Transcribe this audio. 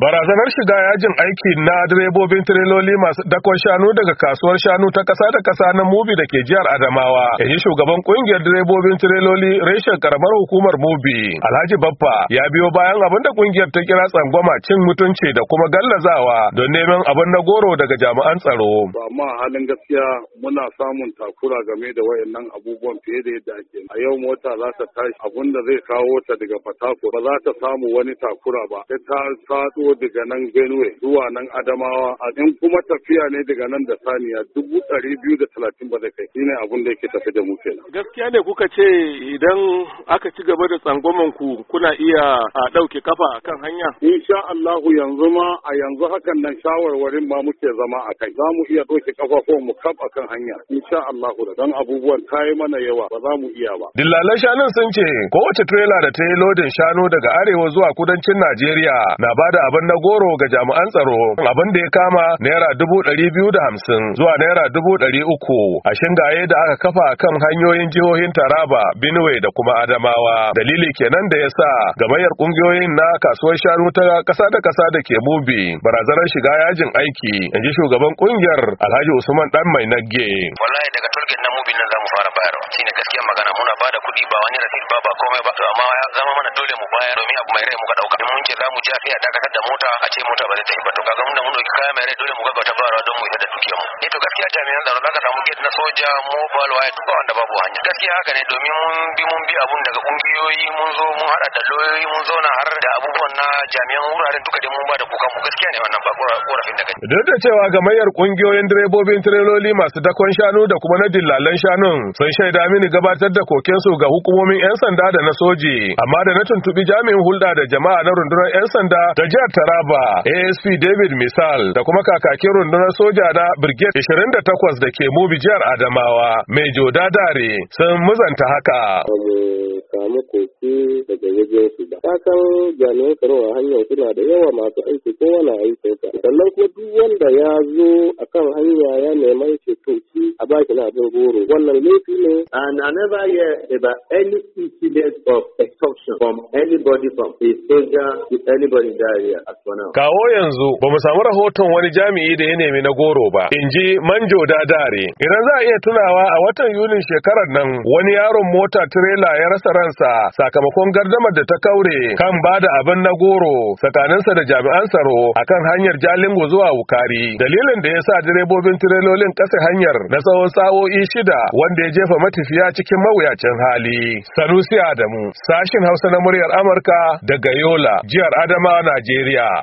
Barazanar shiga yajin aiki na direbobin tireloli masu dakon shanu daga kasuwar shanu ta kasa da kasa na Mubi da ke jihar Adamawa. yi shugaban kungiyar direbobin tireloli reshen karamar hukumar Mubi, Alhaji Baffa ya biyo bayan abin da kungiyar ta kira tsangwama cin mutunci da kuma gallazawa don neman abin na goro daga jami'an tsaro. Ba ma halin gaskiya muna samun takura game da wayannan abubuwan fiye da yadda ake. A yau mota za ta tashi abin da zai kawo ta daga Fatako ba za ta samu wani takura ba. Ta ta daga nan Benue zuwa nan Adamawa in kuma tafiya ne daga nan da saniya dubu ɗari biyu da talatin ba zai kai shine abin da yake tafi da mu kenan. Gaskiya ne kuka ce idan aka ci gaba da tsangwaman ku kuna iya a ɗauke kafa a kan hanya? Insha Allahu yanzu ma a yanzu hakan nan shawarwarin ma muke zama a kai za mu iya ɗauke kafafuwan mu kaf akan hanya insha Allahu da dan abubuwan kayi mana yawa ba za mu iya ba. Dillalan shanun sun ce kowace tirela da ta yi lodin shanu daga arewa zuwa kudancin Najeriya na bada abin abin na goro ga jami'an tsaro abin da ya kama naira dubu ɗari biyu da hamsin zuwa naira dubu ɗari uku a shingaye da aka kafa kan hanyoyin jihohin Taraba, Benue da kuma Adamawa. Dalili kenan da ya sa gamayyar ƙungiyoyin na kasuwar shanu ta ƙasa da ƙasa da ke mubi barazanar shiga yajin aiki in ji shugaban ƙungiyar Alhaji Usman Dan Mai Nagge. Wallahi daga turkin na mubi nan za mu fara bayarwa. Shine gaskiya magana muna bada kuɗi ba wani rasid ba ba komai ba. To amma ya zama mana dole mu bayar domin abu mai rai muka ɗauka. Mun ce za mu jafi a dakatar da da mota a ce mota ba zai tafi ba to kaga mun da mun dauki kaya mai rai dole mu ga ta barawa don mu yi da dukiyar mu eh to gaskiya jami'an tsaro zaka samu gate na soja mobile wire duka wanda babu hanya gaskiya haka ne domin mun bi mun bi abun daga kungiyoyi mun zo mun hada da doyoyi mun zo na har da abubuwan na jami'an wuraren duka dai mun ba da kukan mu gaskiya ne wannan ba korafin da kai duk da cewa gamayyar kungiyoyin direbobin tireloli masu dakon shanu da kuma na dillalan shanun sun shaida mini gabatar da kokensu ga hukumomin yan sanda da na soji amma da na tuntubi jami'in hulɗa da jama'a na rundunar yan sanda da jihar Taraba ASP David Misal da kuma kakakin rundunar soja na Brigade 28 da ke Mubi jihar Adamawa Mejo Dadare sun muzanta haka. samu koke daga wajen ba. Ta kan jami'an tsaro a hanyar suna da yawa masu aiki ko wani aikin sa. Sannan kuma duk wanda ya zo a kan hanya ya neman ceto to a baki na abin goro. Wannan laifi ne. And I never hear about any incident of extortion from anybody from a soldier to anybody in that area. Kawo yanzu ba mu samu rahoton wani jami'i da ya nemi na goro ba, in ji Manjo Dadare. Idan za a iya tunawa a watan Yunin shekarar nan wani yaron mota tirela ya rasa ransa sakamakon gardamar da ta kaure kan ba da abin na goro tsakaninsa da jami'an tsaro a kan hanyar Jalingo zuwa Wukari. Dalilin da ya sa direbobin tirelolin kasa hanyar na tsawon sa'o'i shida wanda ya jefa matafiya cikin mawuyacin hali. Sanusi Adamu, sashin Hausa na muryar Amurka daga Yola, jihar Adama, Najeriya. Yeah.